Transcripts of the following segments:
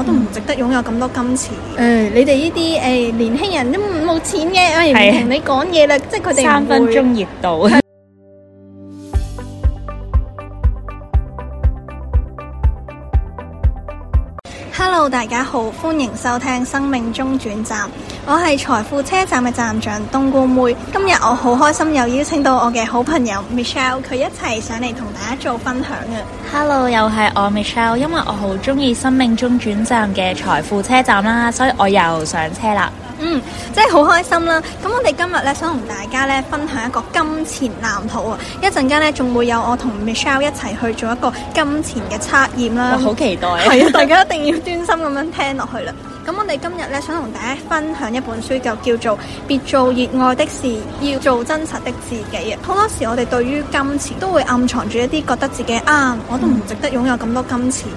我都唔值得擁有咁多金錢。誒、嗯，你哋呢啲誒年輕人都冇錢嘅，我而家唔同你講嘢啦，的即係佢哋三分鐘熱度。 大家好，歡迎收聽生命中轉站，我係財富車站嘅站長冬菇妹。今日我好開心，又邀請到我嘅好朋友 Michelle，佢一齊上嚟同大家做分享啊！Hello，又係我 Michelle，因為我好中意生命中轉站嘅財富車站啦，所以我又上車啦。嗯，真係好開心啦！咁我哋今日咧想同大家咧分享一個金錢藍圖啊！一陣間咧仲會有我同 Michelle 一齊去做一個金錢嘅測驗啦，好期待！係啊， 大家一定要專心。心咁樣聽落去啦，咁我哋今日咧想同大家分享一本書，就叫做《別做熱愛的事，要做真實的自己》啊！好多時我哋對於金錢都會暗藏住一啲覺得自己啊，我都唔值得擁有咁多金錢，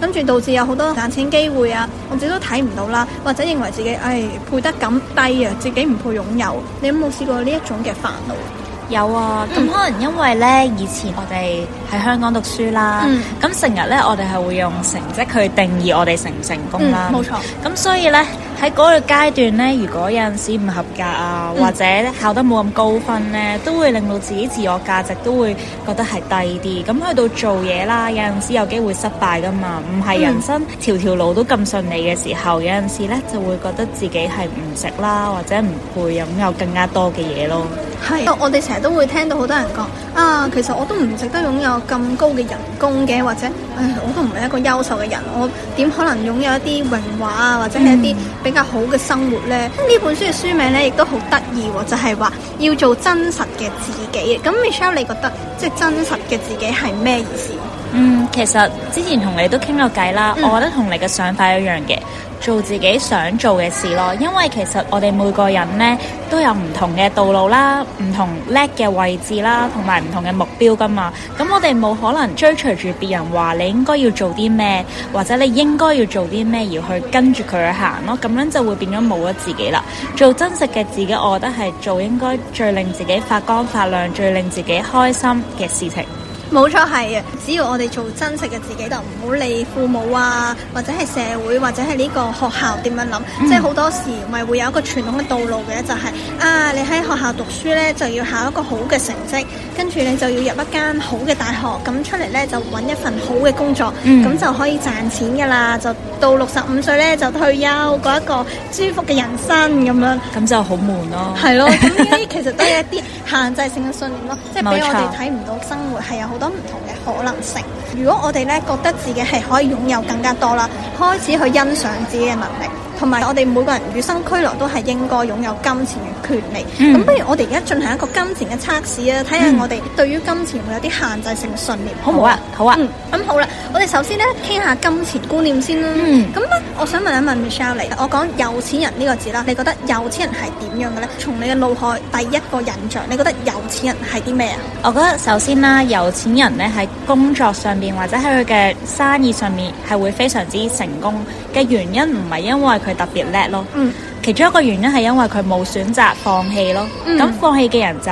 跟住導致有好多賺錢機會啊，我自己都睇唔到啦，或者認為自己唉、哎、配得咁低啊，自己唔配擁有，你有冇試過呢一種嘅煩惱？有啊，咁可能因為咧，以前我哋喺香港讀書啦，咁成日咧，我哋係會用成績去定義我哋成唔成功啦，嗯、冇錯，咁所以咧。喺嗰個階段咧，如果有陣時唔合格啊，嗯、或者考得冇咁高分咧，都會令到自己自我價值都會覺得係低啲。咁去到做嘢啦，有陣時有機會失敗噶嘛，唔係人生、嗯、條條路都咁順利嘅時候，有陣時咧就會覺得自己係唔值啦，或者唔配擁有更加多嘅嘢咯。係，我哋成日都會聽到好多人講啊，其實我都唔值得擁有咁高嘅人工嘅，或者唉、哎，我都唔係一個優秀嘅人，我點可能擁有一啲榮華啊，或者係一啲、嗯。比較好嘅生活呢，呢本書嘅書名呢亦都好得意，就係話要做真實嘅自己。咁 Michelle，你覺得即係真實嘅自己係咩意思？嗯，其實之前同你都傾過偈啦，嗯、我覺得同你嘅想法一樣嘅。做自己想做嘅事咯，因為其實我哋每個人咧都有唔同嘅道路啦，唔同叻嘅位置啦，同埋唔同嘅目標噶嘛。咁我哋冇可能追隨住別人話你應該要做啲咩，或者你應該要做啲咩，而去跟住佢去行咯。咁樣就會變咗冇咗自己啦。做真實嘅自己，我覺得係做應該最令自己發光發亮、最令自己開心嘅事情。冇錯係啊！只要我哋做真實嘅自己，就唔好理父母啊，或者係社會，或者係呢個學校點樣諗。嗯、即係好多時咪係會有一個傳統嘅道路嘅，就係、是、啊，你喺學校讀書呢，就要考一個好嘅成績，跟住你就要入一間好嘅大學，咁出嚟呢，就揾一份好嘅工作，咁、嗯、就可以賺錢㗎啦。就到六十五歲呢，就退休，過一個舒服嘅人生咁樣。咁就好悶咯。係咯的。咁呢啲其實都係一啲限制性嘅信念咯，即係俾我哋睇唔到生活係有好多唔同嘅可能性。如果我哋咧覺得自己係可以擁有更加多啦，開始去欣賞自己嘅能力。同埋我哋每個人與生俱來都係應該擁有金錢嘅權利。咁、嗯、不如我哋而家進行一個金錢嘅測試啊，睇下我哋對於金錢會有啲限制性信念，好唔好啊，好啊？好啊。咁、嗯、好啦，我哋首先咧傾下金錢觀念先啦。咁咧、嗯，我想問一問 Michelle 嚟，我講有錢人呢個字啦，你覺得有錢人係點樣嘅呢？從你嘅腦海第一個印象，你覺得有錢人係啲咩啊？我覺得首先啦、啊，有錢人咧喺工作上面，或者喺佢嘅生意上面係會非常之成功嘅原因，唔係因為佢特別叻咯，嗯、其中一個原因係因為佢冇選擇放棄咯。咁、嗯、放棄嘅人就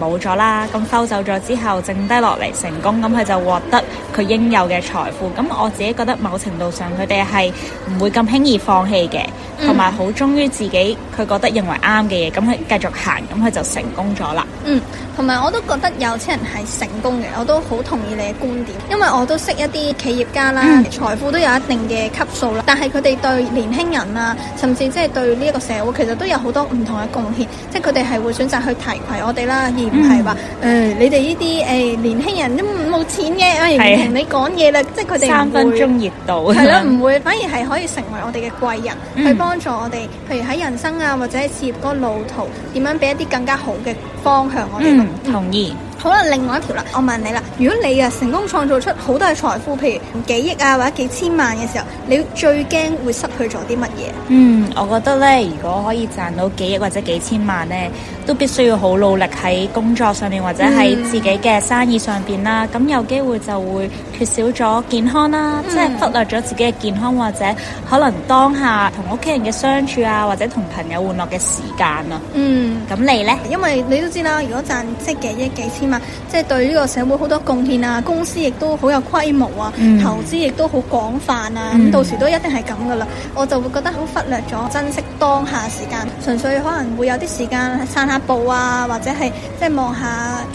冇咗啦。咁收走咗之後，剩低落嚟成功，咁佢就獲得佢應有嘅財富。咁我自己覺得某程度上，佢哋係唔會咁輕易放棄嘅。同埋好忠於自己，佢覺得認為啱嘅嘢，咁佢繼續行，咁佢就成功咗啦。嗯，同埋我都覺得有錢人係成功嘅，我都好同意你嘅觀點，因為我都識一啲企業家啦，嗯、財富都有一定嘅級數啦。但係佢哋對年輕人啊，甚至即係對呢一個社會，其實都有好多唔同嘅貢獻，即係佢哋係會選擇去提攜我哋啦，而唔係話誒你哋呢啲誒年輕人都冇錢嘅，我唔同你講嘢啦。即係佢哋三分鐘熱度係啦，唔會反而係可以成為我哋嘅貴人、嗯、去幫。幫助我哋，譬如喺人生啊，或者喺事業嗰個路途，點樣俾一啲更加好嘅方向我哋？嗯，同意。嗯好啦，另外一條啦，我問你啦，如果你啊成功創造出好多財富，譬如幾億啊或者幾千萬嘅時候，你最驚會失去咗啲乜嘢？嗯，我覺得咧，如果可以賺到幾億或者幾千萬咧，都必須要好努力喺工作上面或者喺自己嘅生意上邊啦。咁、嗯、有機會就會缺少咗健康啦，嗯、即係忽略咗自己嘅健康，或者可能當下同屋企人嘅相處啊，或者同朋友玩樂嘅時間啊。嗯，咁你呢？因為你都知啦，如果賺即係幾億幾千。即係對呢個社會好多貢獻啊，公司亦都好有規模啊，嗯、投資亦都好廣泛啊，咁、嗯、到時都一定係咁噶啦。我就會覺得好忽略咗，珍惜當下時間，純粹可能會有啲時間散下步啊，或者係即係望下、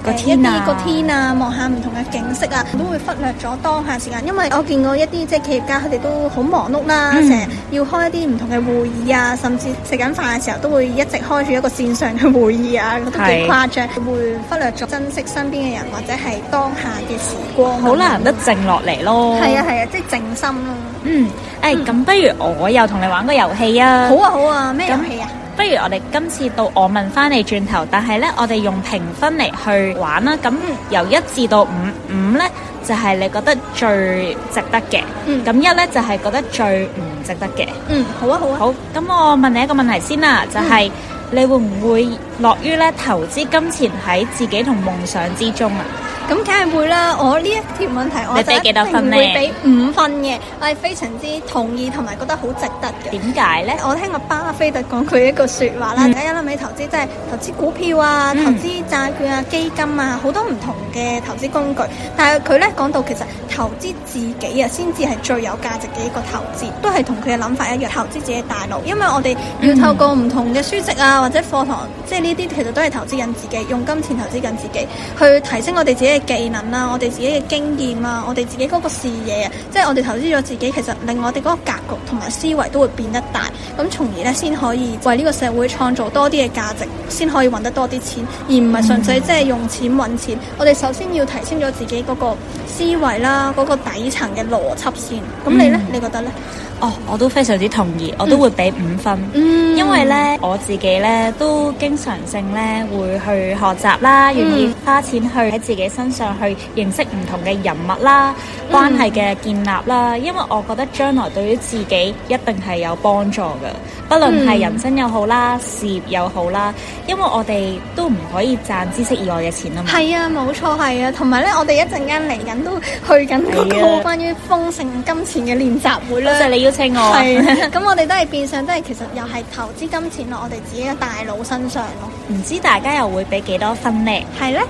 呃啊、一啲個天啊，望下唔同嘅景色啊，都會忽略咗當下時間。因為我見過一啲即係企業家，佢哋都好忙碌啦，成日、嗯、要開一啲唔同嘅會議啊，甚至食緊飯嘅時候都會一直開住一個線上嘅會議啊，都幾誇張，的是會忽略咗珍惜。身邊嘅人或者係當下嘅時光，好難得靜落嚟咯。係啊係啊，即係靜心咯。嗯，誒、哎、咁、嗯、不如我又同你玩個遊戲啊，啊。好啊好啊，咩遊戲啊？不如我哋今次到我問翻你轉頭，但係咧，我哋用評分嚟去玩啦。咁由一至到五，五咧就係、是、你覺得最值得嘅。嗯。咁一咧就係、是、覺得最唔值得嘅。嗯，好啊好啊。好，咁我問你一個問題先啊，就係、是、你會唔會？樂於咧投資金錢喺自己同夢想之中啊！咁梗係會啦，我呢一條問題，我真係唔會俾五分嘅，我係非常之同意同埋覺得好值得嘅。點解呢？我聽阿巴菲特講佢一個說話啦，大家諗起投資即係投資股票啊、嗯、投資債券啊、基金啊，好多唔同嘅投資工具。但係佢咧講到其實投資自己啊，先至係最有價值嘅一個投資，都係同佢嘅諗法一樣，投資自己大腦，因為我哋要透過唔同嘅書籍啊或者課堂即係。呢啲其實都係投資緊自己，用金錢投資緊自己，去提升我哋自己嘅技能啦，我哋自己嘅經驗啦，我哋自己嗰個視野啊，即係我哋投資咗自己，其實令我哋嗰個格局同埋思維都會變得大，咁從而咧先可以為呢個社會創造多啲嘅價值，先可以揾得多啲錢，而唔係純粹即係用錢揾錢。嗯、我哋首先要提升咗自己嗰個思維啦，嗰、嗰個底層嘅邏輯先。咁你呢？嗯、你覺得呢？哦，我都非常之同意，我都會俾五分。嗯，因為呢，我自己呢，都經常。良性咧，會去學習啦，願意花錢去喺自己身上去認識唔同嘅人物啦，關係嘅建立啦，嗯、因為我覺得將來對於自己一定係有幫助噶，不論係人生又好啦，嗯、事業又好啦，因為我哋都唔可以賺知識以外嘅錢啊嘛。係啊，冇錯，係啊，同埋咧，我哋一陣間嚟緊都去緊嗰個關於豐盛金錢嘅練習會啦。即係、啊、你邀請我，係是，咁 我哋都係變相都係其實又係投資金錢落我哋自己嘅大佬身上。唔知大家又會俾幾多分呢？係咧。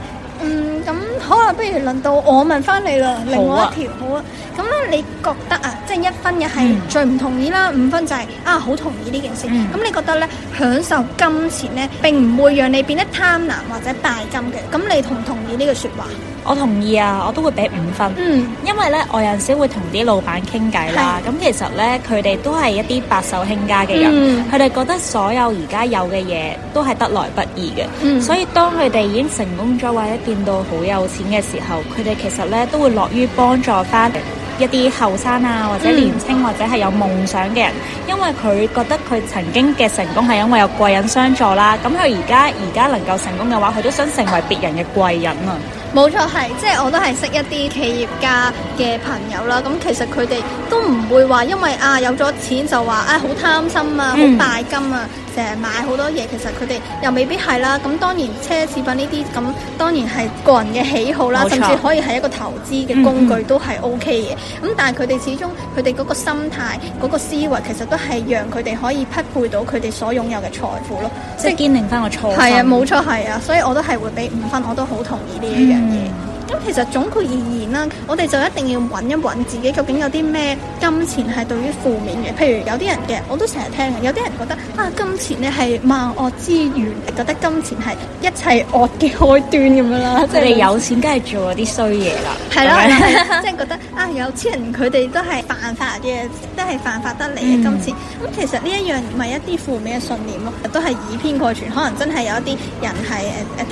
嗯，咁好啦，不如輪到我問翻你啦，啊、另外一條好啊。咁你覺得啊，即、就、係、是、一分嘅係最唔同意啦，五、嗯、分就係、是、啊好同意呢件事。咁、嗯、你覺得呢？享受金錢呢，並唔會讓你變得貪婪或者拜金嘅。咁你同唔同意呢句說話？我同意啊，我都會俾五分。嗯，因為呢，我有陣時會同啲老闆傾偈啦。咁是其實呢，佢哋都係一啲白手興家嘅人，佢哋、嗯、覺得所有而家有嘅嘢都係得來不易嘅。嗯、所以當佢哋已經成功咗或一見到好有錢嘅時候，佢哋其實咧都會樂於幫助翻一啲後生啊，或者年輕或者係有夢想嘅人，因為佢覺得佢曾經嘅成功係因為有貴人相助啦。咁佢而家而家能夠成功嘅話，佢都想成為別人嘅貴人啊。冇錯，係即係我都係識一啲企業家嘅朋友啦。咁其實佢哋都唔會話，因為啊有咗錢就話啊好貪心啊，好、嗯、拜金啊，成日買好多嘢。其實佢哋又未必係啦。咁當然奢侈品呢啲咁當然係個人嘅喜好啦，錯甚至可以係一個投資嘅工具、嗯、都係 OK 嘅。咁但係佢哋始終佢哋嗰個心態、嗰、嗰個思維，其實都係讓佢哋可以匹配到佢哋所擁有嘅財富咯。即係堅定翻個錯。係啊，冇錯係啊，所以我都係會俾五分，嗯、我都好同意呢一樣。嗯嗯。咁其實總括而言啦，我哋就一定要揾一揾自己究竟有啲咩金錢係對於負面嘅。譬如有啲人嘅，我都成日聽嘅，有啲人覺得啊，金錢咧係萬惡之源，覺得金錢係一切惡嘅開端咁樣啦。即係你有錢梗係做啲衰嘢啦。係囉，即係覺得啊，有錢人佢哋都係犯法嘅，都係犯法得嚟嘅、嗯、金錢。咁、嗯、其實呢一樣咪一啲負面嘅信念咯，都係以偏概全。可能真係有一啲人係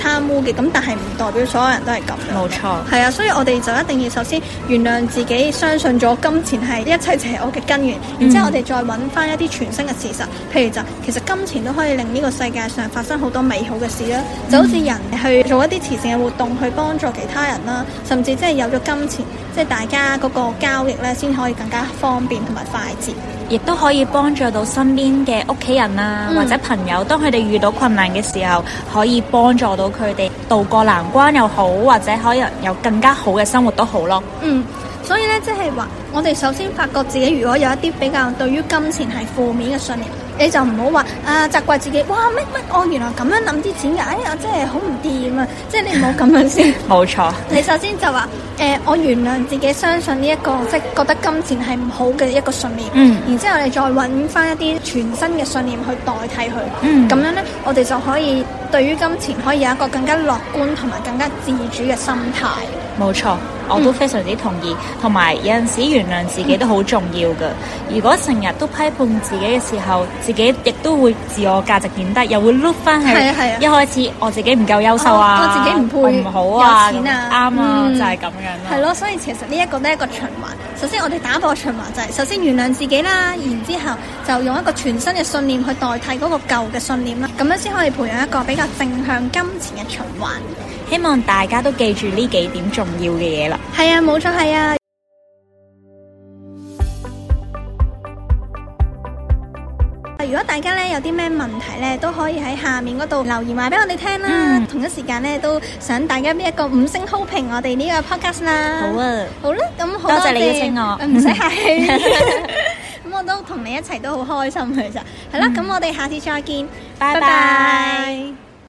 誒誒貪污嘅，咁但係唔代表所有人都係咁。冇錯。係啊， 所以我哋就一定要首先原諒自己，相信咗金錢係一切邪惡嘅根源。然之後我哋再揾翻一啲全新嘅事實，譬如就是、其實金錢都可以令呢個世界上發生好多美好嘅事啦。嗯、就好似人去做一啲慈善嘅活動，去幫助其他人啦，甚至即係有咗金錢，即、就、係、是、大家嗰個交易呢，先可以更加方便同埋快捷。亦都可以幫助到身邊嘅屋企人啊，嗯、或者朋友，當佢哋遇到困難嘅時候，可以幫助到佢哋渡過難關又好，或者可以有更加好嘅生活都好咯。嗯，所以咧，即係話，我哋首先發覺自己如果有一啲比較對於金錢係負面嘅信念。你就唔好話啊，責怪自己哇乜乜我原來咁樣諗啲錢噶，哎呀真係好唔掂啊！即係你唔好咁樣先。冇錯。你首先就話誒，我原諒自己，相信呢一個即係覺得金錢係唔好嘅一個信念。嗯。然之後你再搵翻一啲全新嘅信念去代替佢。嗯。咁樣呢，我哋就可以對於金錢可以有一個更加樂觀同埋更加自主嘅心態。冇錯，我都非常之同意。同埋有陣時原諒自己都好重要噶。如果成日都批判自己嘅時候。自己亦都會自我價值變低，又會碌返一開始我自己唔夠優秀啊，啊我自己唔配唔好啊，有錢啊，啱啊，啊嗯、就係咁樣咯，啊。係咯，所以其實呢一個都係一個循環。首先我哋打破循環就係、是、首先原諒自己啦，然之後就用一個全新嘅信念去代替嗰個舊嘅信念啦，咁樣先可以培養一個比較正向金錢嘅循環。希望大家都記住呢幾點重要嘅嘢啦。係啊，冇錯係啊。如果大家咧有啲咩問題咧，都可以喺下面嗰度留言話俾我哋聽啦。嗯、同一時間咧，都想大家俾一個五星好評我哋呢個 podcast 啦。好啊，好啦，咁好多，多謝你邀請我，唔使，嗯呃、客氣。咁 我都同你一齊都好開心其實。係、嗯、啦，咁我哋下次再見，拜拜。